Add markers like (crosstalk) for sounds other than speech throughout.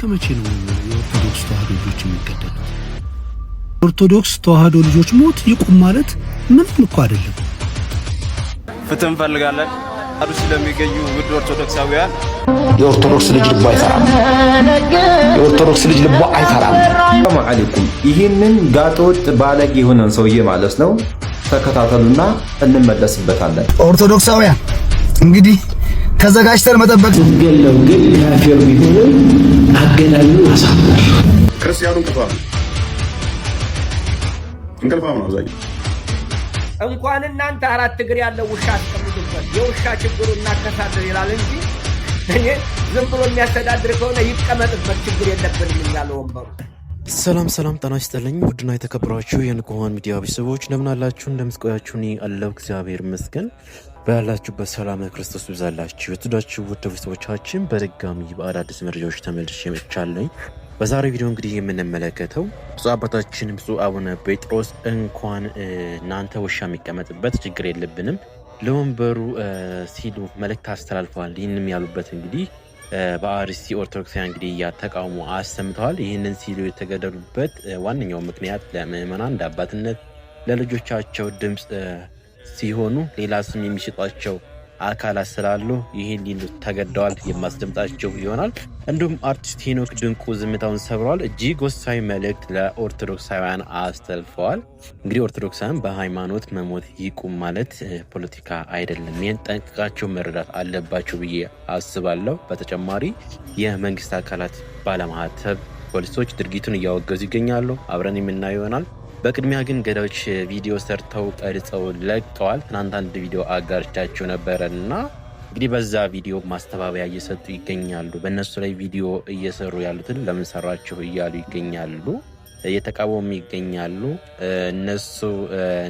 እስከ መቼ ነው የኦርቶዶክስ ተዋህዶ ልጆች የሚገደሉት? ኦርቶዶክስ ተዋህዶ ልጆች ሞት ይቁም ማለት ምንም እኮ አይደለም። ፍትህ እንፈልጋለን። አዱ ስለሚገኙ ውድ ኦርቶዶክሳውያን የኦርቶዶክስ ልጅ ልቦ አይፈራም። የኦርቶዶክስ ልጅ ልቦ አይፈራም። ሰላም አለይኩም። ይህንን ጋጠወጥ ባለጌ የሆነን ሰውዬ ማለት ነው። ተከታተሉና እንመለስበታለን። ኦርቶዶክሳውያን እንግዲህ ተዘጋጅተን መጠበቅ ገለው ግን ካፌር ቢሆን አገናኙ አሳምር ክርስቲያኑ እንቅፋም እንቅልፋም ነው። አብዛኛው እንኳን እናንተ አራት እግር ያለው ውሻ አስቀምጡበት የውሻ ችግሩ እናከሳደር ይላል እንጂ እኔ ዝም ብሎ የሚያስተዳድር ከሆነ ይቀመጥበት ችግር የለብንም እያለ ወንበሩ ሰላም ሰላም፣ ጤና ይስጥልኝ ውድና የተከበራችሁ የንቁሃን ሚዲያ ቤተሰቦች እንደምናላችሁ እንደምትቆያችሁ፣ እኔ አለሁ እግዚአብሔር ይመስገን። ባላችሁበት ሰላም ክርስቶስ ይብዛላችሁ። የትዳችሁ ውድ ቤተሰቦቻችን በድጋሚ በአዳዲስ መረጃዎች ተመልሼ መጥቻለሁ። በዛሬ ቪዲዮ እንግዲህ የምንመለከተው ብፁዕ አባታችን ብፁዕ አቡነ ጴጥሮስ እንኳን እናንተ ውሻ የሚቀመጥበት ችግር የለብንም ለወንበሩ ሲሉ መልእክት አስተላልፈዋል። ይህንም ያሉበት እንግዲህ በአርሲ ኦርቶዶክሳውያን እንግዲህ እያተቃውሞ አሰምተዋል። ይህንን ሲሉ የተገደሉበት ዋነኛው ምክንያት እንደ አባትነት ለልጆቻቸው ድምፅ ሲሆኑ ሌላ ስም የሚሸጧቸው አካላት ስላሉ ይህን ሊሉ ተገደዋል። የማስደምጣቸው ይሆናል። እንዲሁም አርቲስት ሄኖክ ድንቁ ዝምታውን ሰብረዋል። እጅግ ወሳኝ መልእክት ለኦርቶዶክሳውያን አስተልፈዋል። እንግዲህ ኦርቶዶክሳውያን በሃይማኖት መሞት ይቁም ማለት ፖለቲካ አይደለም። ይህን ጠንቅቃቸው መረዳት አለባቸው ብዬ አስባለሁ። በተጨማሪ የመንግስት አካላት ባለማህተብ ፖሊሶች ድርጊቱን እያወገዙ ይገኛሉ። አብረን የምናየው ይሆናል። በቅድሚያ ግን ገዳዮች ቪዲዮ ሰርተው ቀርጸው ለቀዋል። ትናንት አንድ ቪዲዮ አጋርቻቸው ነበረ እና እንግዲህ በዛ ቪዲዮ ማስተባበያ እየሰጡ ይገኛሉ። በእነሱ ላይ ቪዲዮ እየሰሩ ያሉትን ለምን ሰራችሁ እያሉ ይገኛሉ፣ እየተቃወሙ ይገኛሉ። እነሱ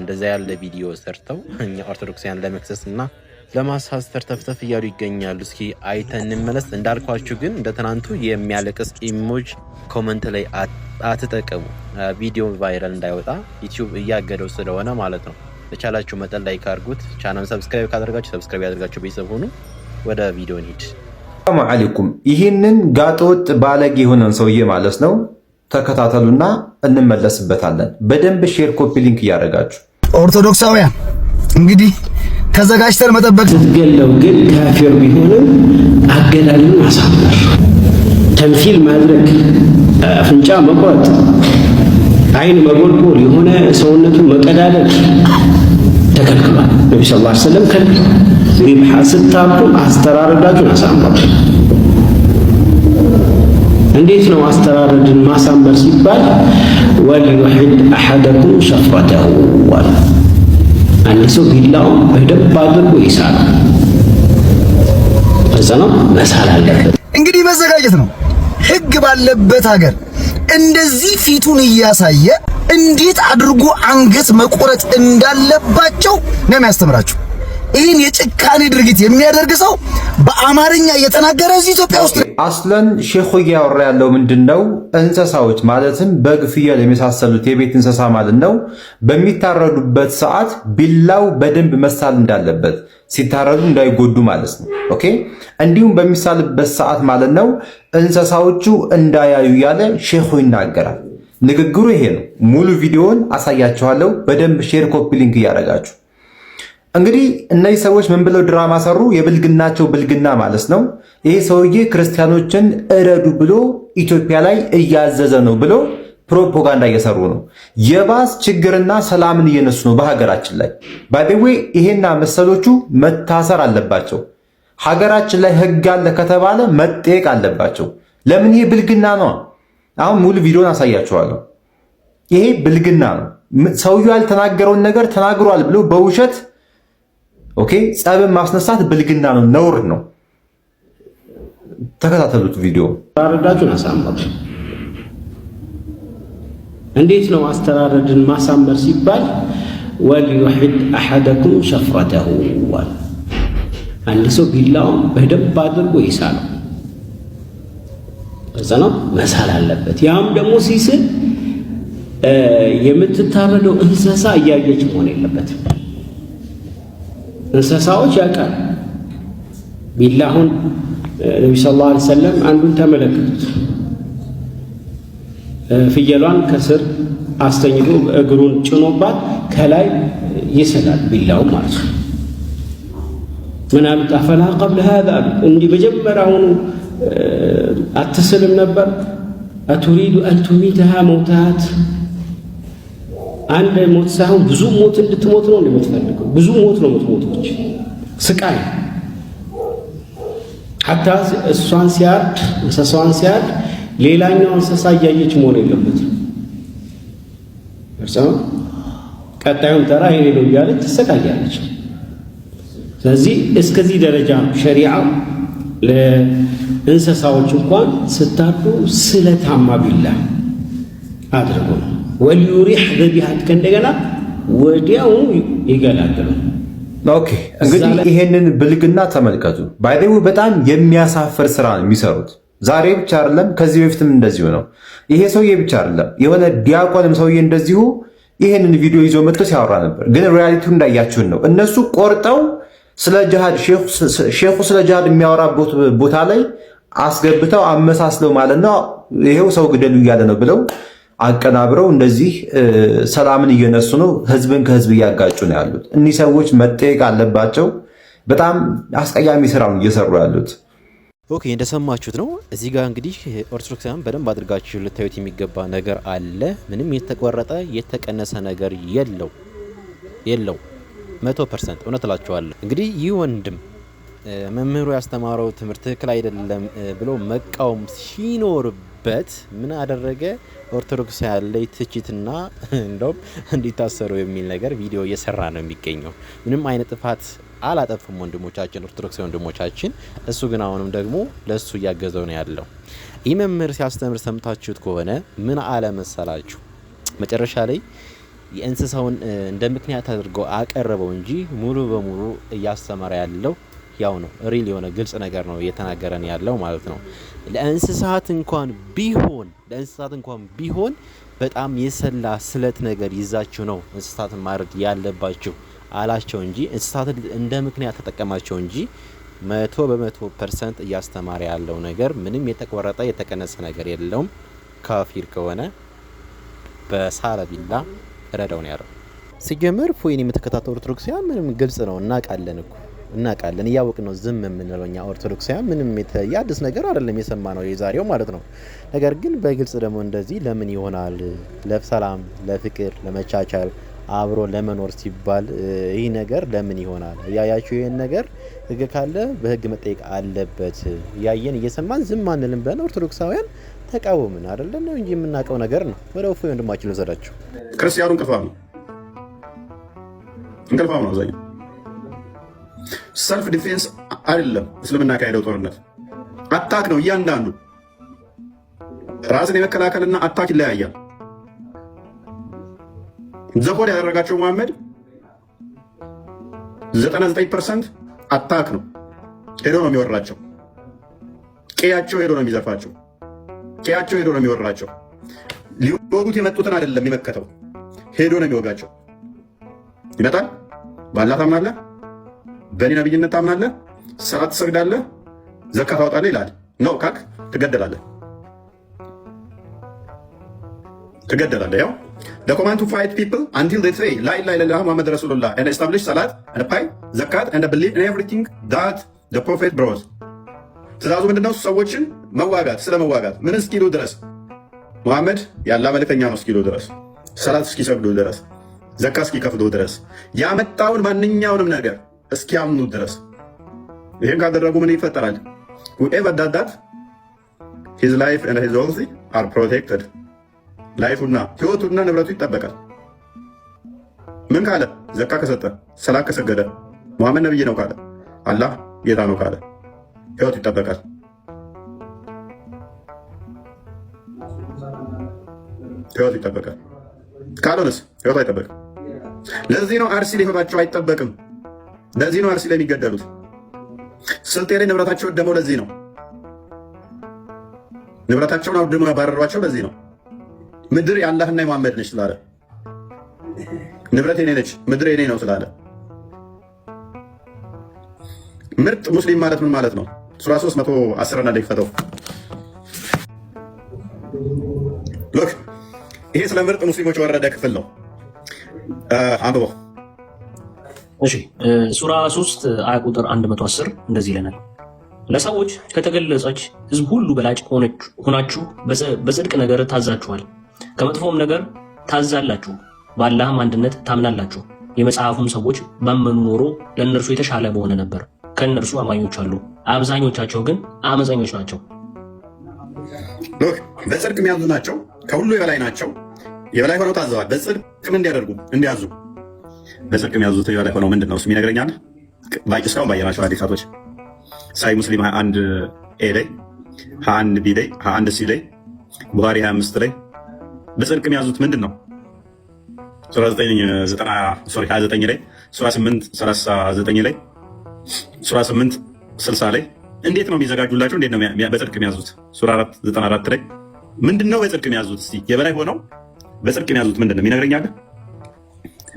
እንደዛ ያለ ቪዲዮ ሰርተው እኛ ኦርቶዶክሳውያን ለመክሰስ እና ለማሳዝ ተፍተፍ እያሉ ይገኛሉ። እስኪ አይተን እንመለስ። እንዳልኳችሁ ግን እንደ ትናንቱ የሚያለቅስ ኢሞጅ ኮመንት ላይ አትጠቀሙ። ቪዲዮ ቫይረል እንዳይወጣ ዩቲዩብ እያገደው ስለሆነ ማለት ነው። ለቻላችሁ መጠን ላይ ካርጉት። ቻናል ሰብስክራይብ ካደርጋችሁ ሰብስክራይብ ያደርጋችሁ ቤተሰብ ሆኑ። ወደ ቪዲዮ እንሂድ። ሰላም አለይኩም። ይህንን ጋጠወጥ ባለጌ የሆነን ሰውዬ ማለት ነው ተከታተሉና እንመለስበታለን። በደንብ ሼር፣ ኮፒ ሊንክ እያደረጋችሁ ኦርቶዶክሳውያን እንግዲህ ተዘጋጅተን መጠበቅ ስትገለው ግን ካፊር ቢሆንም አገዳልን ማሳመር፣ ተምሲል ማድረግ፣ አፍንጫ መቁረጥ፣ አይን መጎልጎል፣ የሆነ ሰውነቱ መቀዳደል ተከልክሏል። ነቢ ስ ላ ሰለም ከልክሏል። ሪብሓ ስታርዱ አስተራረዳችሁን አሳምሩ። እንዴት ነው አስተራረድን ማሳመር ሲባል ወልዩሕድ አሐደኩም ሸፍረተሁ ዋል አንድ ሰው ቢላውም በደንብ አድርጎ ይሳል። እዛ ነው መሳል አለበት። እንግዲህ መዘጋጀት ነው። ህግ ባለበት ሀገር እንደዚህ ፊቱን እያሳየ እንዴት አድርጎ አንገት መቆረጥ እንዳለባቸው ነው የሚያስተምራቸው። ይህን የጭካኔ ድርጊት የሚያደርግ ሰው በአማርኛ እየተናገረ እዚህ ኢትዮጵያ ውስጥ አስለን ሼኹ እያወራ ያለው ምንድን ነው? እንስሳዎች ማለትም በግ፣ ፍየል የመሳሰሉት የቤት እንስሳ ማለት ነው በሚታረዱበት ሰዓት ቢላው በደንብ መሳል እንዳለበት ሲታረዱ እንዳይጎዱ ማለት ነው። ኦኬ። እንዲሁም በሚሳልበት ሰዓት ማለት ነው እንስሳዎቹ እንዳያዩ ያለ ሼኹ ይናገራል። ንግግሩ ይሄ ነው። ሙሉ ቪዲዮውን አሳያችኋለሁ። በደንብ ሼር ኮፒ ሊንክ እያደረጋችሁ እንግዲህ እነዚህ ሰዎች ምን ብለው ድራማ ሰሩ? የብልግናቸው ብልግና ማለት ነው። ይሄ ሰውዬ ክርስቲያኖችን እረዱ ብሎ ኢትዮጵያ ላይ እያዘዘ ነው ብሎ ፕሮፓጋንዳ እየሰሩ ነው። የባስ ችግርና ሰላምን እየነሱ ነው በሀገራችን ላይ ባይቤዌ ይሄና መሰሎቹ መታሰር አለባቸው። ሀገራችን ላይ ህግ አለ ከተባለ መጠየቅ አለባቸው። ለምን? ይሄ ብልግና ነው። አሁን ሙሉ ቪዲዮን አሳያችኋለሁ። ይሄ ብልግና ነው። ሰውየው ያልተናገረውን ነገር ተናግሯል ብሎ በውሸት ኦኬ ጸብን ማስነሳት ብልግና ነው፣ ነውር ነው። ተከታተሉት ቪዲዮ አስተራረዳችሁን አሳምሩ። እንዴት ነው አስተራረድን ማሳመር ሲባል ወልዩሒድ አሐደኩም ሸፍረተሁ ዋል አንድ ሰው ቢላውም በደንብ አድርጎ ይሳለው። እዛ ነው መሳል አለበት። ያም ደግሞ ሲስል የምትታረደው እንስሳ እያየች መሆን የለበትም። እንስሳዎች ያውቃል። ቢላሁን ነቢ ሰለላሁ ዐለይሂ ወሰለም አንዱን ተመለከቱት። ፍየሏን ከስር አስተኝቶ እግሩን ጭኖባት ከላይ ይስላል ቢላው ማለት ነው። ምን አሉት? አፈላ ቀብል ሀዛ እንዲህ መጀመሪያውኑ አትስልም ነበር። አቱሪዱ አንቱሚተሃ መውታት አንድ ሞት ሳይሆን ብዙ ሞት እንድትሞት ነው የምትፈልገው። ብዙ ሞት ነው የምትሞቶች፣ ስቃይ ሀታ እሷን ሲያርድ እንስሳዋን ሲያርድ ሌላኛው እንስሳ እያየች መሆን የለበትም። እርሰማ ቀጣዩን ተራ ይሄ ነው እያለች ትሰቃያለች። ስለዚህ እስከዚህ ደረጃ ሸሪዓው ለእንስሳዎች እንኳን ስታርዱ ስለታማ ቢላ አድርጉ ወሊዩሪህ ዘቢሃትከ እንደገና ወዲያው ይገላግሉ። ኦኬ እንግዲህ ይሄንን ብልግና ተመልከቱ። ባይደው በጣም የሚያሳፍር ስራ ነው የሚሰሩት። ዛሬ ብቻ አይደለም፣ ከዚህ በፊትም እንደዚሁ ነው። ይሄ ሰውዬ ብቻ አይደለም፣ የሆነ ዲያቆንም ሰውዬ እንደዚሁ ይሄንን ቪዲዮ ይዞ መጥቶ ሲያወራ ነበር። ግን ሪያሊቲው እንዳያችሁን ነው። እነሱ ቆርጠው ስለ ጅሃድ ሼኹ ስለ ጃሃድ የሚያወራበት ቦታ ላይ አስገብተው አመሳስለው ማለት ነው። ይሄው ሰው ግደሉ እያለ ነው ብለው አቀናብረው እንደዚህ ሰላምን እየነሱ ነው፣ ህዝብን ከህዝብ እያጋጩ ነው ያሉት። እኒህ ሰዎች መጠየቅ አለባቸው። በጣም አስቀያሚ ስራ ነው እየሰሩ ያሉት። ኦኬ እንደሰማችሁት ነው። እዚህ ጋር እንግዲህ ኦርቶዶክሳውያን በደንብ አድርጋችሁ ልታዩት የሚገባ ነገር አለ። ምንም የተቆረጠ የተቀነሰ ነገር የለው የለው። መቶ ፐርሰንት እውነት እላችኋለሁ። እንግዲህ ይህ ወንድም መምህሩ ያስተማረው ትምህርት ትክክል አይደለም ብሎ መቃወም ሲኖርብ ያለበት ምን አደረገ? ኦርቶዶክስ ያለ ትችትና (laughs) እንደውም እንዲታሰሩ የሚል ነገር ቪዲዮ እየሰራ ነው የሚገኘው። ምንም አይነት ጥፋት አላጠፉም ወንድሞቻችን፣ ኦርቶዶክስ ወንድሞቻችን። እሱ ግን አሁንም ደግሞ ለእሱ እያገዘው ነው ያለው። ይህ መምህር ሲያስተምር ሰምታችሁት ከሆነ ምን አለ መሰላችሁ መጨረሻ ላይ የእንስሳውን እንደ ምክንያት አድርገው አቀረበው እንጂ ሙሉ በሙሉ እያስተማረ ያለው ያው ነው ሪል የሆነ ግልጽ ነገር ነው እየተናገረን ያለው ማለት ነው። ለእንስሳት እንኳን ቢሆን ለእንስሳት እንኳን ቢሆን በጣም የሰላ ስለት ነገር ይዛችሁ ነው እንስሳትን ማረድ ያለባችሁ አላቸው እንጂ እንስሳት እንደ ምክንያት ተጠቀማቸው እንጂ መቶ በመቶ ፐርሰንት እያስተማረ ያለው ነገር ምንም የተቆረጠ የተቀነሰ ነገር የለውም። ካፊር ከሆነ በሳለ ቢላ ረዳውን ያለው ሲጀምር ፎይን የምትከታተሉ ኦርቶዶክሳውያን ምንም ግልጽ ነው እናውቃለን እኮ እናውቃለን፣ እያወቅን ነው ዝም የምንለው እኛ ኦርቶዶክሳውያን። ምንም የአዲስ ነገር አይደለም ነው የዛሬው ማለት ነው። ነገር ግን በግልጽ ደግሞ እንደዚህ ለምን ይሆናል? ለሰላም፣ ለፍቅር፣ ለመቻቻል አብሮ ለመኖር ሲባል ይህ ነገር ለምን ይሆናል? እያያችሁ ይህን ነገር ህግ ካለ በህግ መጠየቅ አለበት። እያየን እየሰማን ዝም አንልም ብለን ኦርቶዶክሳውያን ተቃወምን አይደለ ነው እንጂ የምናውቀው ነገር ነው። ወደ ወፎ ወንድማችን ልውሰዳችሁ። ክርስቲያኑ እንቅልፋም ነው፣ እንቅልፋም ነው አብዛኛው ሰልፍ ዲፌንስ አይደለም እስልምና ካሄደው ጦርነት አታክ ነው። እያንዳንዱ ራስን የመከላከልና አታክ ይለያያል። ዘኮድ ያደረጋቸው መሐመድ 99 ፐርሰንት አታክ ነው። ሄዶ ነው የሚወራቸው። ቄያቸው ሄዶ ነው የሚዘፋቸው። ቄያቸው ሄዶ ነው የሚወራቸው። ሊወጉት የመጡትን አይደለም የሚመከተው፣ ሄዶ ነው የሚወጋቸው። ይመጣል። በአላህ ታምናለህ? በእኔ ነብይነት ታምናለህ፣ ሰላት ትሰግዳለህ፣ ዘካ ታወጣለህ ይላል። ነው ካክ ትገደላለህ፣ ትገደላለህ። ያው the command to fight people until they say la ilaha illallah muhammad rasulullah and establish salat and pay zakat and believe in everything that the prophet brought ትእዛዙ ምንድነው? ሰዎችን መዋጋት ስለ መዋጋት ምን እስኪሉ ድረስ ሙሐመድ ያላ መልእክተኛ ነው እስኪሉ ድረስ ሰላት እስኪሰግዱ ድረስ ዘካ እስኪከፍሉ ድረስ ያመጣውን ማንኛውንም ነገር እስኪያምኑ ድረስ። ይህን ካደረጉ ምን ይፈጠራል? ሁኤቨር ዳዳት ሂዝ ላይፍ ኤንድ ሂዝ ዌልዝ አር ፕሮቴክትድ። ላይፉና ህይወቱና ንብረቱ ይጠበቃል። ምን ካለ? ዘካ ከሰጠ፣ ሰላት ከሰገደ፣ መሐመድ ነብይ ነው ካለ፣ አላህ ጌታ ነው ካለ፣ ህይወቱ ይጠበቃል። ህይወቱ ይጠበቃል። ካልሆነስ ህይወቱ አይጠበቅም። ለዚህ ነው አርሲ ህይወታቸው አይጠበቅም። ለዚህ ነው አርሲ ላይ የሚገደሉት። ስልጤ ላይ ንብረታቸው ወደመው ለዚህ ነው። ንብረታቸውን አውድሞ ያባረሯቸው ለዚህ ነው። ምድር የአላህና የመሐመድ ነች ስላለ ንብረት የኔ ነች፣ ምድር የኔ ነው ስላለ ምርጥ ሙስሊም ማለት ምን ማለት ነው? ሱራ 310 እና ደግፈተው ሎክ ይሄ ስለ ምርጥ ሙስሊሞች የወረደ ክፍል ነው። አንብቦ ሱራ 3 አያ ቁጥር 110 እንደዚህ ይለናል፣ ለሰዎች ከተገለጸች ህዝብ ሁሉ በላጭ ሆናችሁ በጽድቅ ነገር ታዛችኋል፣ ከመጥፎም ነገር ታዛላችሁ፣ በአላህም አንድነት ታምናላችሁ። የመጽሐፉም ሰዎች ባመኑ ኖሮ ለእነርሱ የተሻለ በሆነ ነበር። ከእነርሱ አማኞች አሉ፣ አብዛኞቻቸው ግን አመፀኞች ናቸው። በጽድቅ የሚያዙ ናቸው፣ ከሁሉ የበላይ ናቸው። የበላይ ሆነው ታዘዋል። በጽድቅም እንዲያደርጉ እንዲያዙ በጽድቅ የሚያዙት ህይወት ሆነው ምንድን ነው እሱ ይነግረኛል። እስካሁን ባየናቸው ሀዲሳቶች ሳይ ሙስሊም አንድ ኤ ላይ አንድ ቢ ላይ አንድ ሲ ላይ ቡሃሪ አምስት ላይ በጽድቅ የሚያዙት ምንድን ነው? 29 ላይ ሱራ 8 ዘጠኝ ላይ ሱራ ስምንት ስልሳ ላይ እንዴት ነው የሚዘጋጁላቸው? እንዴት ነው በጽድቅ የሚያዙት? ሱራ 4 አራት ላይ ምንድን ነው በጽድቅ የሚያዙት? የበላይ ሆነው በጽድቅ የሚያዙት ምንድን ነው ይነግረኛል።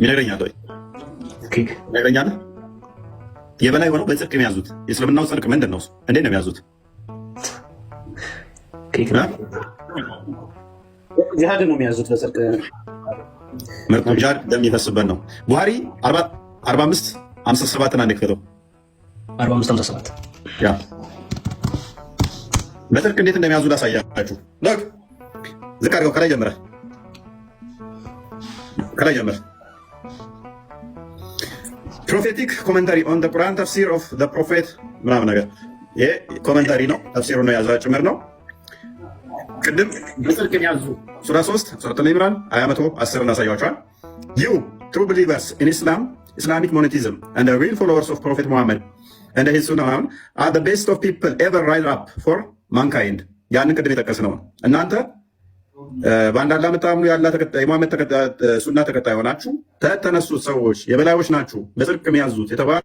ይነግረኛል ወይ ይነግረኛል። የበላይ ሆነው በጽድቅ የሚያዙት የእስልምናው ጽድቅ ምንድን ነው? እንዴት ነው የሚያዙት? ጂሃድ ነው የሚያዙት በጽድቅ ጂሃድ ደም ነው። ቡሃሪ 45 57 45 57 በጽድቅ እንዴት እንደሚያዙ ላሳያችሁ። ዝቅ አድርገው ከላይ ጀምረ ከላይ ፕሮፌቲክ ኮመንታሪ ኦን ቁርአን ተፍሲር ኦፍ ፕሮፌት ምናምን ነገር ይሄ ኮመንታሪ ነው፣ ተፍሲሩ ነው የያዘ ጭምር ነው። ቅድም በጽድቅን ያዙ ሱራ 3 ሱረት ኢምራን አያ 110 እናሳያቸዋል። ዩ ትሩ ቢሊቨርስ ኢን ኢስላም ኢስላሚክ ሞኔቲዝም አንድ ሪል ፎሎወርስ ኦፍ ፕሮፌት ሙሐመድ እንደ ሂሱ ምናምን አር ቤስት ኦፍ ፒፕል ኤቨር ራይዝ አፕ ፎር ማንካይንድ ያንን ቅድም የጠቀስ ነው እናንተ በአንዳንድ ዓመት ታምኑ ያላ ተከታይ ሱና ተከታይ ሆናችሁ ተነሱ ሰዎች የበላዮች ናችሁ በጽድቅ የሚያዙት የተባሉ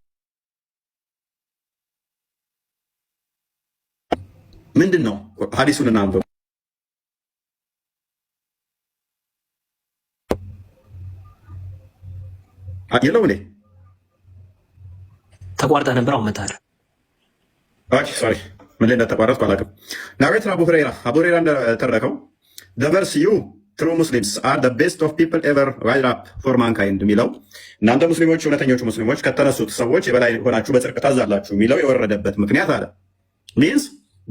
ምንድን ነው? ሀዲሱን እናንበው። የለው እንዴ ተቋርጠ ነበር። አሁን መታለ ሶሪ ምን ላይ እንደተቋረጥኩ አላውቅም። ናቤትን አቡ ሁሬራ አቡ ሁሬራ እንደተረከው ደቨርስ ዩ ትሩ ሙስሊምስ አር ደ ቤስት ኦፍ ፒፕል ኤቨር ራይዝ አፕ ፎር ማንካይንድ የሚለው እናንተ ሙስሊሞች እውነተኞቹ ሙስሊሞች ከተነሱት ሰዎች የበላይ ሆናችሁ በጽድቅ ታዛላችሁ የሚለው የወረደበት ምክንያት አለ ሚንስ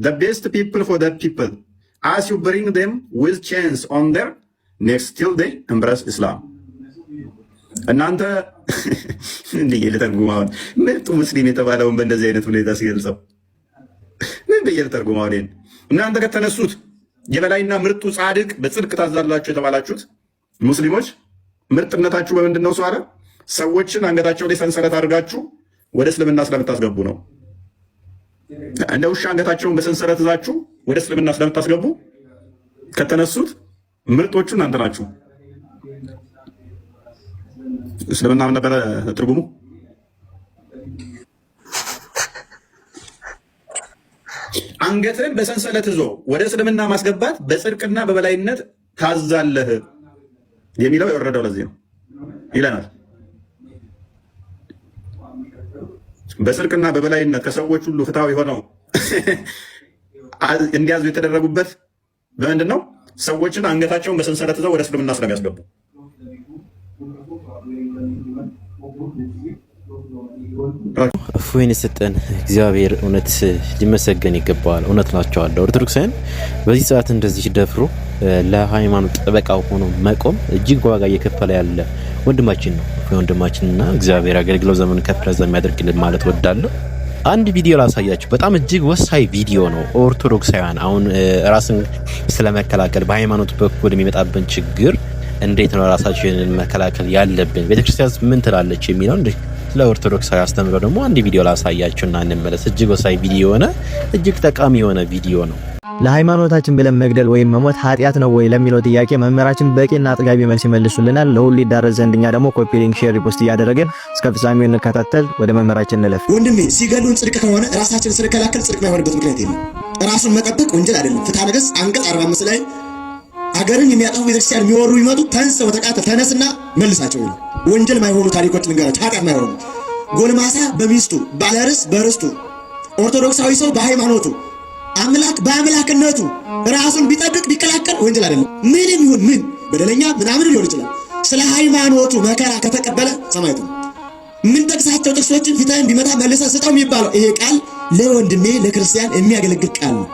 ደ ቤስት ፒፕል ፎር ደ ፒፕል አስ ዩ ብሪንግ ም ዊዝ ቼንስ ኦን ር ኔክስት ቲል ዴይ እምብረስ ኢስላም እናንተ (laughs) እንዲህ ልተርጉማውን ምርጡ ሙስሊም የተባለውን በእንደዚህ አይነት ሁኔታ ሲገልጸው ምን ብዬ ልተርጉማውን እናንተ ከተነሱት የበላይና ምርጡ ጻድቅ በጽድቅ ታዛላችሁ የተባላችሁት ሙስሊሞች ምርጥነታችሁ በምንድን ነው? ሰው አለ ሰዎችን አንገታቸው ላይ ሰንሰለት አድርጋችሁ ወደ እስልምና ስለምታስገቡ ነው። እንደ ውሻ አንገታቸውን በሰንሰለት እዛችሁ ወደ እስልምና ስለምታስገቡ ከተነሱት ምርጦቹ እናንተ ናችሁ። እስልምና ምን ነበረ ትርጉሙ? አንገትህን በሰንሰለት ይዞ ወደ እስልምና ማስገባት በጽድቅና በበላይነት ታዛለህ የሚለው የወረደው ለዚህ ነው ይለናል። በጽድቅና በበላይነት ከሰዎች ሁሉ ፍትሐዊ ሆነው (laughs) እንዲያዙ የተደረጉበት በምንድን ነው? ሰዎችን አንገታቸውን በሰንሰለት ይዘው ወደ እስልምና ስለሚያስገቡ እፎይን የሰጠን እግዚአብሔር እውነት ሊመሰገን ይገባዋል። እውነት ናቸዋለሁ። ኦርቶዶክሳውያን በዚህ ሰዓት እንደዚህ ደፍሮ ለሃይማኖት ጠበቃ ሆኖ መቆም እጅግ ዋጋ እየከፈለ ያለ ወንድማችን ነው። እፎይ ወንድማችንና እግዚአብሔር አገልግለው ዘመን ከፍ ለዛ የሚያደርግልን ማለት ወዳለሁ። አንድ ቪዲዮ ላሳያችሁ። በጣም እጅግ ወሳኝ ቪዲዮ ነው። ኦርቶዶክሳውያን አሁን ራስን ስለመከላከል በሃይማኖት በኩል የሚመጣብን ችግር እንዴት ነው ራሳችንን መከላከል ያለብን፣ ቤተክርስቲያን ምን ትላለች የሚለው ስለ ኦርቶዶክሳዊ አስተምሮ ደግሞ አንድ ቪዲዮ ላሳያችሁና እንመለስ። እጅግ ወሳኝ ቪዲዮ የሆነ እጅግ ጠቃሚ የሆነ ቪዲዮ ነው። ለሃይማኖታችን ብለን መግደል ወይም መሞት ኃጢአት ነው ወይ ለሚለው ጥያቄ መምህራችን በቂና አጥጋቢ መልስ ይመልሱልናል። ለሁሉ ይዳረስ ዘንድ እኛ ደግሞ ኮፒ ሊንክ፣ ሼር፣ ሪፖስት እያደረግን እስከ ፍጻሜው እንከታተል። ወደ መምህራችን እንለፍ። ወንድሜ ሲገሉን ጽድቅ ከሆነ ራሳችን ስንከላከል ጽድቅ ማይሆንበት ምክንያት የለም። ራሱን መጠበቅ ወንጀል አይደለም። ፍትሐ ነገሥት አንቀጽ 45 ላይ አገርን የሚያጠፉ ቤተክርስቲያን የሚወሩ የሚመጡ ተንስ ወተቃተ ተነስና መልሳቸው ይላል። ወንጀል ማይሆኑ ታሪኮች ልንገራቸው፣ ኃጢአት ማይሆኑ ጎልማሳ በሚስቱ ባለርስ በርስቱ ኦርቶዶክሳዊ ሰው በሃይማኖቱ አምላክ በአምላክነቱ ራሱን ቢጠብቅ ቢከላከል ወንጀል አይደለም። ምንም ይሁን ምን በደለኛ ምናምን ሊሆን ይችላል። ስለ ሃይማኖቱ መከራ ከተቀበለ ሰማዕት ነው። ጠቅሳቸው ጥቅሶችን ፊትህን ቢመታ መልሰ ስጠው የሚባለው ይሄ ቃል ለወንድሜ ለክርስቲያን የሚያገለግል ቃል ነው።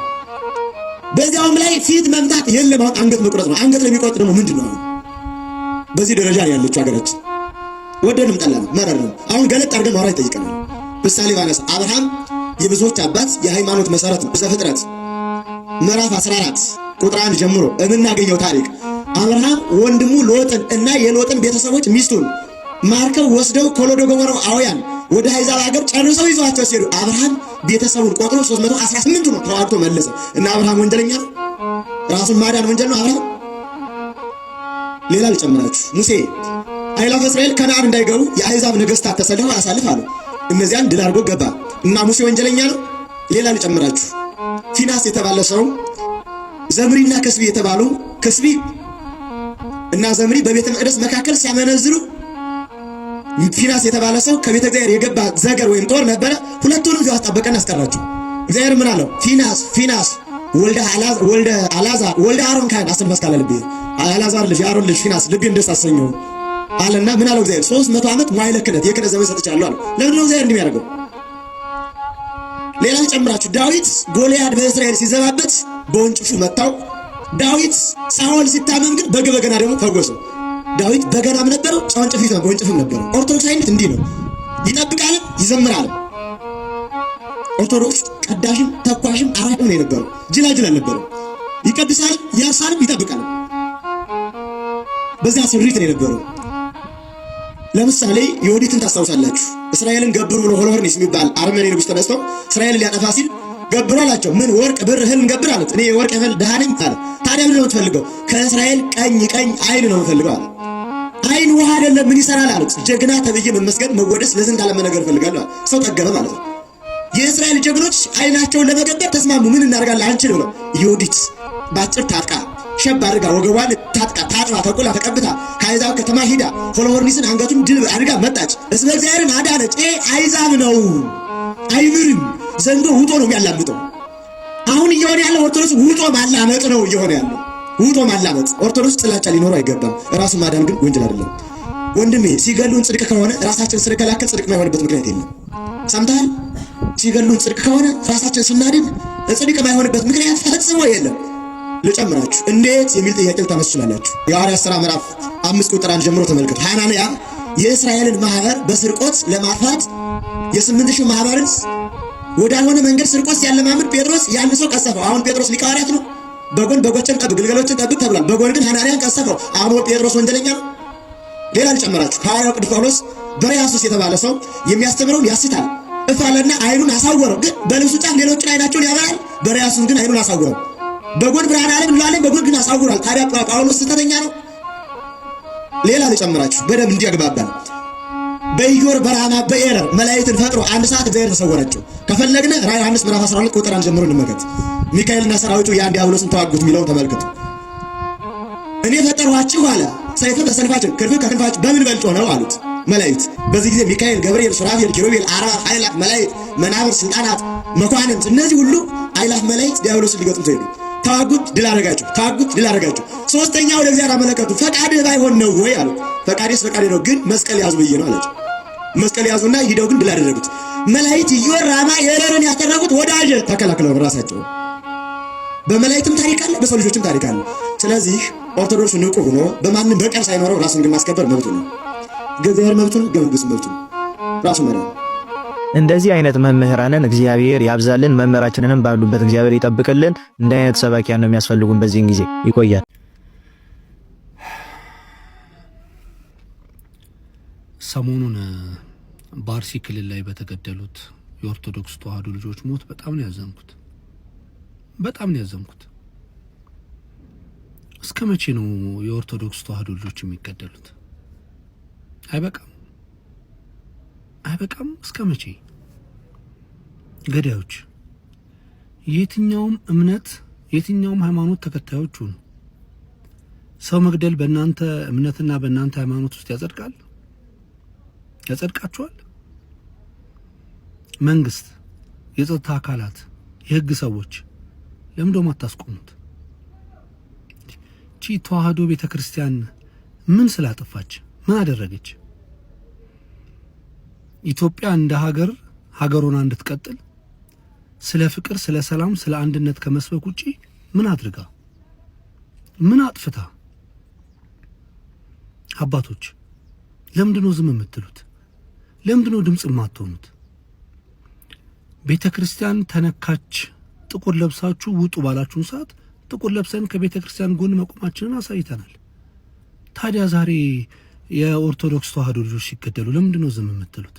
በዚያውም ላይ ፊት መምታት የለም። አሁን አንገት መቁረጥ ነው። አንገት ለሚቆርጥ ደግሞ ምንድን ነው? በዚህ ደረጃ ያለችው ሀገራችን ወደንም ጠላንም መረር ነው። አሁን ገለጥ አድርገን ማውራት ይጠይቀናል። ምሳሌ ባነሳ አብርሃም የብዙዎች አባት የሃይማኖት መሰረት ነው። ዘፍጥረት ምዕራፍ 14 ቁጥር 1 ጀምሮ የምናገኘው ታሪክ አብርሃም ወንድሙ ሎጥን እና የሎጥን ቤተሰቦች ሚስቱን ማርከው ወስደው ኮሎዶ ገሞራው አውያን ወደ አሕዛብ አገር ጨርሰው ይዟቸው ሲሄዱ አብርሃም ቤተሰቡን ቆጥሮ 318 ነው ተዋቶ መለሰ እና አብርሃም ወንጀለኛ ነው። ራሱን ማዳን ወንጀል ነው አብርሃም። ሌላ ልጨምራችሁ። ሙሴ አእላፈ እስራኤል ከነዓን እንዳይገቡ የአሕዛብ ነገሥታት ተሰልፈው አሳልፍ አሉ። እነዚያን ድል አድርጎ ገባ እና ሙሴ ወንጀለኛ ነው። ሌላ ልጨምራችሁ። ፊናስ የተባለ ሰው ዘምሪና ከስቢ የተባሉ ከስቢ እና ዘምሪ በቤተ መቅደስ መካከል ሲያመነዝሩ ፊናስ የተባለ ሰው ከቤተ እግዚአብሔር የገባ ዘገር ወይም ጦር ነበረ። ሁለቱንም እዚያው አስጠበቀና አስቀራቸው። እግዚአብሔር ምን አለው? ፊናስ ፊናስ ወልደ አላዛር ወልደ አላዛር ወልደ አሮን ካህን አስተምስካለ ልብ አላዛር ልጅ አሮን ልጅ ፊናስ ልብ እንደስ አሰኘው አለና ምን አለው እግዚአብሔር 300 ዓመት ማይለ ክህነት የክህነት ዘመን ሰጥቻለሁ አለው። ለምንድን ነው እግዚአብሔር እንደሚያደርገው ሌላ ጨምራችሁ ዳዊት ጎልያድ በእስራኤል ሲዘባበት በወንጭፉ መታው። ዳዊት ሳኦል ሲታመም ግን በግበገና ደግሞ ፈወሰው። ዳዊት በገናም ነበር፣ ነበረው፣ ጫንጭፍ ወንጭፍም ነበረው። ኦርቶዶክሳዊነት እንዲህ ነው፣ ይጠብቃል፣ ይዘምራል። ኦርቶዶክስ ቀዳሽም ተኳሽም አራሽም ነው የነበረው፣ ጅላጅል አልነበረው። ይቀድሳል፣ ያርሳልም፣ ይጠብቃል። በዚያ ስሪት ነው የነበረው። ለምሳሌ የወዲትን ታስታውሳላችሁ። እስራኤልን ገብሩ ብሎ ሆሎርኒስ የሚባል አርመኔ ንጉሥ ተነስተው እስራኤልን ሊያጠፋ ሲል ገብሩ አላቸው። ምን ወርቅ ብር እህል እንገብር አለት። እኔ የወርቅ እህል ድሃ ነኝ አለ። ታዲያ ምንድን ነው የምትፈልገው? ከእስራኤል ቀኝ ቀኝ አይን ነው የምፈልገው አለ። አይን ውሃ አይደለም ምን ይሰራል አሉት። ጀግና ተብዬ መመስገን መወደስ ለስንት አለመነገር እፈልጋለሁ። ሰው ጠገበ ማለት ነው። የእስራኤል ጀግኖች አይናቸውን ለመገበር ተስማሙ። ምን እናደርጋለን አንችልም ነው። ይሁዲት በአጭር ታጥቃ ሸብ አድርጋ ወገቧን ታጥቃ ታጥባ ተቆላ ተቀብታ ከአይዛብ ከተማ ሂዳ ሆሎሆርኒስን አንገቱን ድል አድርጋ መጣች። እስመ እግዚአብሔርን አዳነች። ይሄ አይዛብ ነው፣ አይምርም። ዘንዶ ውጦ ነው የሚያላምጠው። አሁን እየሆነ ያለው ኦርቶዶክስ ውጦ ማላመጥ ነው እየሆነ ያለው። ውቶ ማላመጥ ኦርቶዶክስ ጥላቻ ሊኖረው አይገባም። ራሱ ማዳን ግን ወንጀል አይደለም። ወንድሜ ሲገሉን ጽድቅ ከሆነ ራሳችን ስንከላከል ጽድቅ ማይሆንበት ምክንያት የለም። ሰምተሃል? ሲገሉን ጽድቅ ከሆነ ራሳችን ስናድን ጽድቅ ማይሆንበት ምክንያት ፈጽሞ የለም። ልጨምራችሁ እንዴት የሚል ጥያቄ ልታነሱ ትችላላችሁ። የሐዋርያት ሥራ ምዕራፍ አምስት ቁጥር አንድ ጀምሮ ተመልከቱ። ሐናንያ የእስራኤልን ማህበር በስርቆት ለማጥፋት የስምንት ሺህ ማህበርን ወዳልሆነ መንገድ ስርቆት ሲያለማምድ ጴጥሮስ ያን ሰው ቀሰፈው። አሁን ጴጥሮስ ሊቀ ሐዋርያት ነው። በጎን በጎችን ጠብቅ፣ ግልገሎችን ጠብቅ ተብሏል። በጎን ግን ሐናንያን ቀሰፈው። አሞ ጴጥሮስ ወንጀለኛ ነው። ሌላ ልጨምራችሁ። ሐዋርያው ቅዱስ ጳውሎስ በርያሱስ የተባለ ሰው የሚያስተምረውን ያስታል። እፋለና አይኑን አሳወረው። ግን በልብሱ ጫፍ ሌሎችን አይናቸውን ያበራል፣ በርያሱስ ግን አይኑን አሳወረው። በጎን ብርሃን አለም እንለዋለን፣ በጎን ግን አሳውሯል። ታዲያ ጳውሎስ ስህተተኛ ነው። ሌላ ልጨምራችሁ በደንብ እንዲያግባባል በኢዮር በራማ በኤረር መላእክትን ፈጥሮ አንድ ሰዓት በኤረር ተሰወረችው። ከፈለግነ ራእይ ዮሐንስ ምዕራፍ 12 ቁጥር አንድ ጀምሮ እንመገት ሚካኤልና ሰራዊቱ ያን ዲያብሎስን ተዋጉት የሚለውን ተመልክቱ። እኔ ፈጠርኋችሁ አለ። ሰይፍን ከሰልፋችሁ ክንፍ ከክንፋችሁ በምን በልጦ ነው አሉት መላእክት። በዚህ ጊዜ ሚካኤል፣ ገብርኤል፣ ሱራፌል፣ ኪሩቤል፣ አራ ኃይላት መላእክት፣ መናብር፣ ስልጣናት፣ መኳንንት እነዚህ ሁሉ ኃይላት መላእክት ዲያብሎስን ሊገጥሙት ሄዱ። ተዋጉት፣ ድል አደረጋችሁ፣ ተዋጉት፣ ድል አደረጋችሁ። ሶስተኛ ወደ እግዚአብሔር አመለከቱ። ፈቃድህ ባይሆን ነው ወይ አሉት። ፈቃዴስ ፈቃዴ ነው፣ ግን መስቀል ያዙ ብዬ ነው አላቸው። መስቀል ያዙና ሂደው ግን ድል አደረጉት። መላእክት ኢዮራማ የረርን ያቀረቡት ወዳጅ ተከላክለው ራሳቸው በመላእክትም ታሪክ አለ፣ በሰው ልጆችም ታሪክ አለ። ስለዚህ ኦርቶዶክስ ንቁ ሆኖ በማንም በቀል ሳይኖረው ራሱን ግን ማስከበር መብቱ ነው። እግዚአብሔር መብቱ ነው፣ መንግስት መብቱ ነው። ራሱ ማለት እንደዚህ አይነት መምህራንን እግዚአብሔር ያብዛልን፣ መምህራችንንም ባሉበት እግዚአብሔር ይጠብቅልን። እንደ አይነት ሰባኪያን ነው የሚያስፈልጉን። በዚህን ጊዜ ይቆያል። ሰሞኑን በአርሲ ክልል ላይ በተገደሉት የኦርቶዶክስ ተዋሕዶ ልጆች ሞት በጣም ነው ያዘንኩት። በጣም ነው ያዘንኩት። እስከ መቼ ነው የኦርቶዶክስ ተዋህዶ ልጆች የሚገደሉት? አይበቃም አይበቃም። እስከ መቼ ገዳዮች የትኛውም እምነት የትኛውም ሃይማኖት ተከታዮች ሁኑ፣ ሰው መግደል በእናንተ እምነትና በእናንተ ሃይማኖት ውስጥ ያጸድቃል ያጸድቃችኋል? መንግስት፣ የጸጥታ አካላት፣ የህግ ሰዎች ለምን ደሞ አታስቆሙት? ቺ ተዋህዶ ቤተ ክርስቲያን ምን ስላጠፋች ምን አደረገች? ኢትዮጵያ እንደ ሀገር ሀገሩን እንድትቀጥል ስለ ፍቅር፣ ስለ ሰላም፣ ስለ አንድነት ከመስበክ ውጪ ምን አድርጋ ምን አጥፍታ? አባቶች ለምንድነው ዝም የምትሉት? ለምንድነው ድምፅ የማትሆኑት? ቤተ ክርስቲያን ተነካች ጥቁር ለብሳችሁ ውጡ ባላችሁን ሰዓት ጥቁር ለብሰን ከቤተ ክርስቲያን ጎን መቆማችንን አሳይተናል። ታዲያ ዛሬ የኦርቶዶክስ ተዋህዶ ልጆች ሲገደሉ ለምንድን ነው ዝም የምትሉት?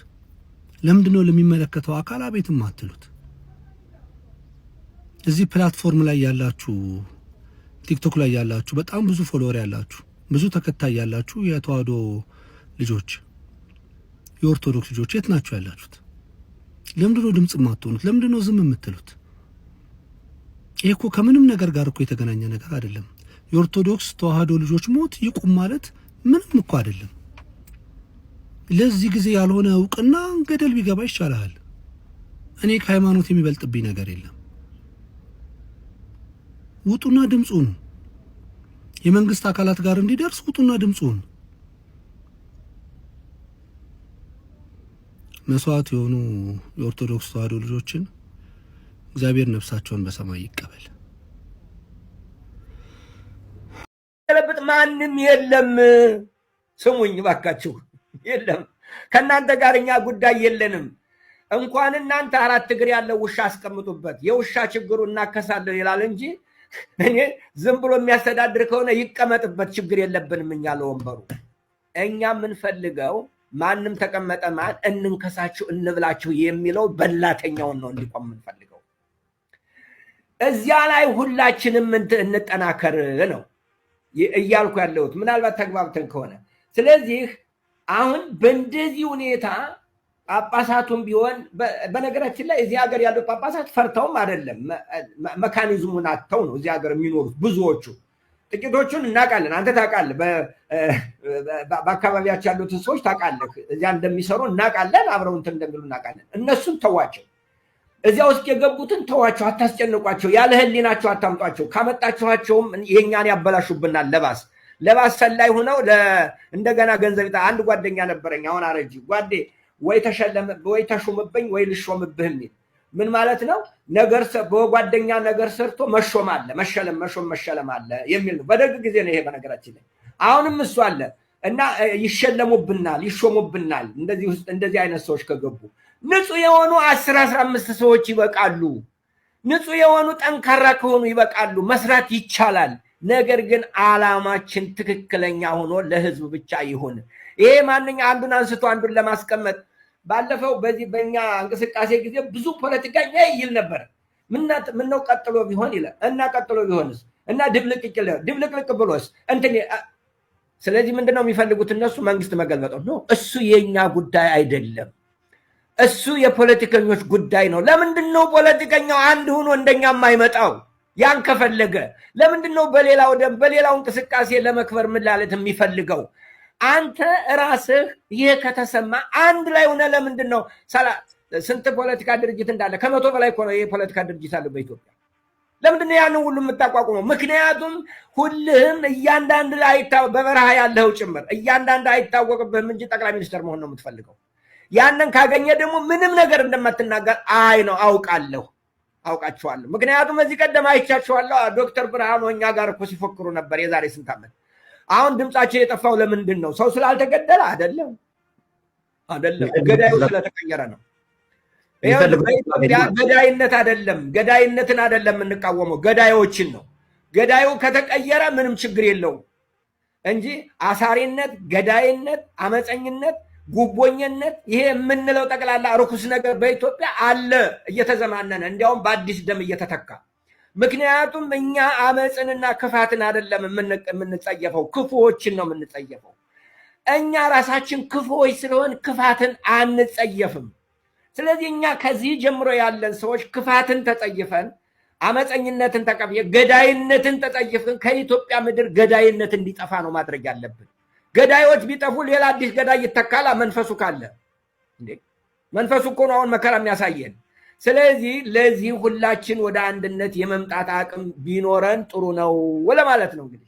ለምንድን ነው ለሚመለከተው አካል አቤትም አትሉት? እዚህ ፕላትፎርም ላይ ያላችሁ፣ ቲክቶክ ላይ ያላችሁ፣ በጣም ብዙ ፎሎወር ያላችሁ፣ ብዙ ተከታይ ያላችሁ የተዋህዶ ልጆች የኦርቶዶክስ ልጆች የት ናችሁ ያላችሁት? ለምንድን ነው ድምፅ የማትሆኑት? ለምንድን ነው ዝም የምትሉት? ይህ እኮ ከምንም ነገር ጋር እኮ የተገናኘ ነገር አይደለም። የኦርቶዶክስ ተዋህዶ ልጆች ሞት ይቁም ማለት ምንም እኮ አይደለም። ለዚህ ጊዜ ያልሆነ እውቅና ገደል ቢገባ ይቻልሃል። እኔ ከሃይማኖት የሚበልጥብኝ ነገር የለም። ውጡና ድምፁ ነው የመንግስት አካላት ጋር እንዲደርስ ውጡና ድምፁ ነው። መስዋዕት የሆኑ የኦርቶዶክስ ተዋህዶ ልጆችን እግዚአብሔር ነፍሳቸውን በሰማይ ይቀበል። ለብጥ ማንም የለም። ስሙኝ ባካችሁ፣ የለም ከእናንተ ጋር እኛ ጉዳይ የለንም። እንኳን እናንተ አራት እግር ያለው ውሻ አስቀምጡበት፣ የውሻ ችግሩ እናከሳለን ይላል እንጂ እኔ ዝም ብሎ የሚያስተዳድር ከሆነ ይቀመጥበት፣ ችግር የለብንም እኛ ለወንበሩ። እኛ የምንፈልገው ማንም ተቀመጠ ማን እንንከሳችሁ እንብላችሁ የሚለው በላተኛውን ነው እንዲቆም የምንፈልገው። እዚያ ላይ ሁላችንም እንጠናከር ነው እያልኩ ያለሁት፣ ምናልባት ተግባብተን ከሆነ። ስለዚህ አሁን በእንደዚህ ሁኔታ ጳጳሳቱም ቢሆን በነገራችን ላይ እዚህ ሀገር ያሉት ጳጳሳት ፈርተውም አይደለም፣ መካኒዝሙን አጥተው ነው እዚህ ሀገር የሚኖሩት ብዙዎቹ። ጥቂቶቹን እናውቃለን። አንተ ታውቃለህ፣ በአካባቢያቸው ያሉትን ሰዎች ታውቃለህ፣ እዚያ እንደሚሰሩ እናውቃለን፣ አብረው እንትን እንደሚሉ እናውቃለን። እነሱም ተዋቸው እዚያ ውስጥ የገቡትን ተዋቸው፣ አታስጨንቋቸው፣ ያለ ህሊናቸው አታምጧቸው። ካመጣችኋቸውም የእኛን ያበላሹብናል። ለባስ ለባስ ሰላይ ሆነው እንደገና ገንዘብ አንድ ጓደኛ ነበረኝ፣ አሁን አረጂ ጓዴ፣ ወይ ተሹምብኝ ወይ ልሾምብህ የሚል ምን ማለት ነው? ነገር በጓደኛ ነገር ሰርቶ መሾም አለ፣ መሸለም፣ መሾም፣ መሸለም አለ የሚል ነው። በደርግ ጊዜ ነው ይሄ በነገራችን ላይ። አሁንም እሱ አለ እና ይሸለሙብናል፣ ይሾሙብናል እንደዚህ ውስጥ እንደዚህ አይነት ሰዎች ከገቡ ንጹህ የሆኑ አስር አስራ አምስት ሰዎች ይበቃሉ። ንጹህ የሆኑ ጠንካራ ከሆኑ ይበቃሉ። መስራት ይቻላል። ነገር ግን አላማችን ትክክለኛ ሆኖ ለህዝብ ብቻ ይሁን። ይሄ ማንኛ አንዱን አንስቶ አንዱን ለማስቀመጥ ባለፈው በዚህ በእኛ እንቅስቃሴ ጊዜ ብዙ ፖለቲከኛ ይል ነበር። ምነው ቀጥሎ ቢሆን ይላል እና ቀጥሎ ቢሆንስ እና ድብልቅልቅ ብሎስ እንትን ስለዚህ ምንድነው የሚፈልጉት እነሱ መንግስት መገልበጠው ነው። እሱ የኛ ጉዳይ አይደለም። እሱ የፖለቲከኞች ጉዳይ ነው። ለምንድን ነው ፖለቲከኛው አንድ ሁኖ እንደኛ የማይመጣው? ያን ከፈለገ ለምንድን ነው በሌላው ደም በሌላው እንቅስቃሴ ለመክበር ምላለት የሚፈልገው? አንተ ራስህ ይህ ከተሰማ አንድ ላይ ሆነ ለምንድን ነው ስንት ፖለቲካ ድርጅት እንዳለ ከመቶ በላይ የፖለቲካ ድርጅት አለ በኢትዮጵያ ለምንድነው ያንን ሁሉ የምታቋቁመው? ምክንያቱም ሁልህም እያንዳንድ በበረሃ ያለው ጭምር እያንዳንድ አይታወቅብህም እንጂ ጠቅላይ ሚኒስትር መሆን ነው የምትፈልገው። ያንን ካገኘ ደግሞ ምንም ነገር እንደማትናገር አይ ነው አውቃለሁ አውቃችኋለሁ። ምክንያቱም እዚህ ቀደም አይቻችኋለሁ። ዶክተር ብርሃኑ እኛ ጋር እኮ ሲፎክሩ ነበር የዛሬ ስንት ዓመት። አሁን ድምፃቸው የጠፋው ለምንድን ነው? ሰው ስላልተገደለ አይደለም፣ አይደለም ገዳዩ ስለተቀየረ ነው። ገዳይነት አይደለም፣ ገዳይነትን አይደለም የምንቃወመው ገዳዮችን ነው። ገዳዩ ከተቀየረ ምንም ችግር የለውም እንጂ አሳሪነት፣ ገዳይነት፣ አመፀኝነት ጉቦኝነት፣ ይሄ የምንለው ጠቅላላ ርኩስ ነገር በኢትዮጵያ አለ፣ እየተዘማነነ እንዲያውም በአዲስ ደም እየተተካ ምክንያቱም እኛ አመፅንና ክፋትን አይደለም የምንጸየፈው፣ ክፉዎችን ነው የምንጸየፈው። እኛ ራሳችን ክፉዎች ስለሆን ክፋትን አንጸየፍም። ስለዚህ እኛ ከዚህ ጀምሮ ያለን ሰዎች ክፋትን ተጸይፈን፣ አመፀኝነትን ተቀፍ፣ ገዳይነትን ተጸይፍን ከኢትዮጵያ ምድር ገዳይነት እንዲጠፋ ነው ማድረግ ያለብን። ገዳዮች ቢጠፉ ሌላ አዲስ ገዳይ ይተካላ። መንፈሱ ካለ መንፈሱ እኮ ነው አሁን መከራ የሚያሳየን። ስለዚህ ለዚህ ሁላችን ወደ አንድነት የመምጣት አቅም ቢኖረን ጥሩ ነው ለማለት ነው እንግዲህ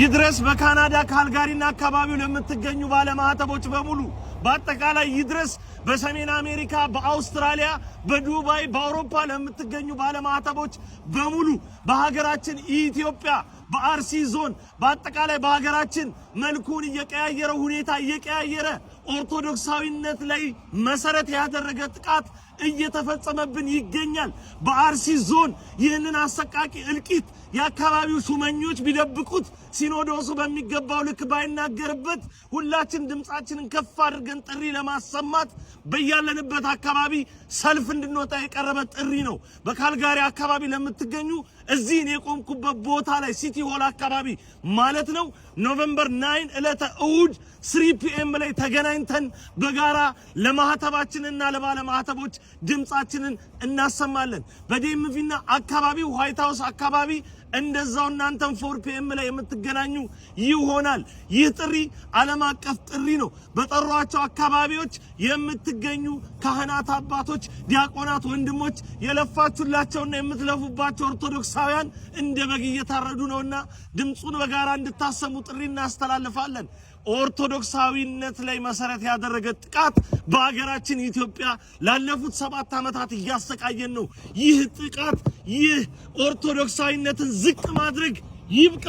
ይድረስ በካናዳ ካልጋሪና አካባቢው ለምትገኙ ባለማህተቦች በሙሉ በአጠቃላይ ይድረስ በሰሜን አሜሪካ፣ በአውስትራሊያ፣ በዱባይ፣ በአውሮፓ ለምትገኙ ባለማህተቦች በሙሉ በሀገራችን ኢትዮጵያ በአርሲ ዞን በአጠቃላይ በሀገራችን መልኩን እየቀያየረ ሁኔታ እየቀያየረ ኦርቶዶክሳዊነት ላይ መሰረት ያደረገ ጥቃት እየተፈጸመብን ይገኛል። በአርሲ ዞን ይህንን አሰቃቂ እልቂት የአካባቢው ሹመኞች ቢደብቁት ሲኖዶሱ በሚገባው ልክ ባይናገርበት ሁላችን ድምፃችንን ከፍ አድርገን ጥሪ ለማሰማት በያለንበት አካባቢ ሰልፍ እንድንወጣ የቀረበ ጥሪ ነው። በካልጋሪ አካባቢ ለምትገኙ እዚህ እኔ የቆምኩበት ቦታ ላይ ሲቲ ሆል አካባቢ ማለት ነው ኖቬምበር ናይን ዕለተ እሁድ 3 ፒኤም ላይ ተገናኝተን በጋራ ለማህተባችንና ለባለ ማህተቦች ድምፃችንን እናሰማለን። በዴምቪና አካባቢ ዋይት አካባቢ እንደዛው እናንተም ፎር ፒኤም ላይ የምትገናኙ ይሆናል። ይህ ጥሪ ዓለም አቀፍ ጥሪ ነው። በጠሯቸው አካባቢዎች የምትገኙ ካህናት፣ አባቶች፣ ዲያቆናት፣ ወንድሞች የለፋችሁላቸውና የምትለፉባቸው ኦርቶዶክሳውያን እንደ በግ እየታረዱ ነውና ድምፁን በጋራ እንድታሰሙ ጥሪ እናስተላልፋለን። ኦርቶዶክሳዊነት ላይ መሰረት ያደረገ ጥቃት በሀገራችን ኢትዮጵያ ላለፉት ሰባት ዓመታት እያሰቃየን ነው። ይህ ጥቃት ይህ ኦርቶዶክሳዊነትን ዝቅ ማድረግ ይብቃ።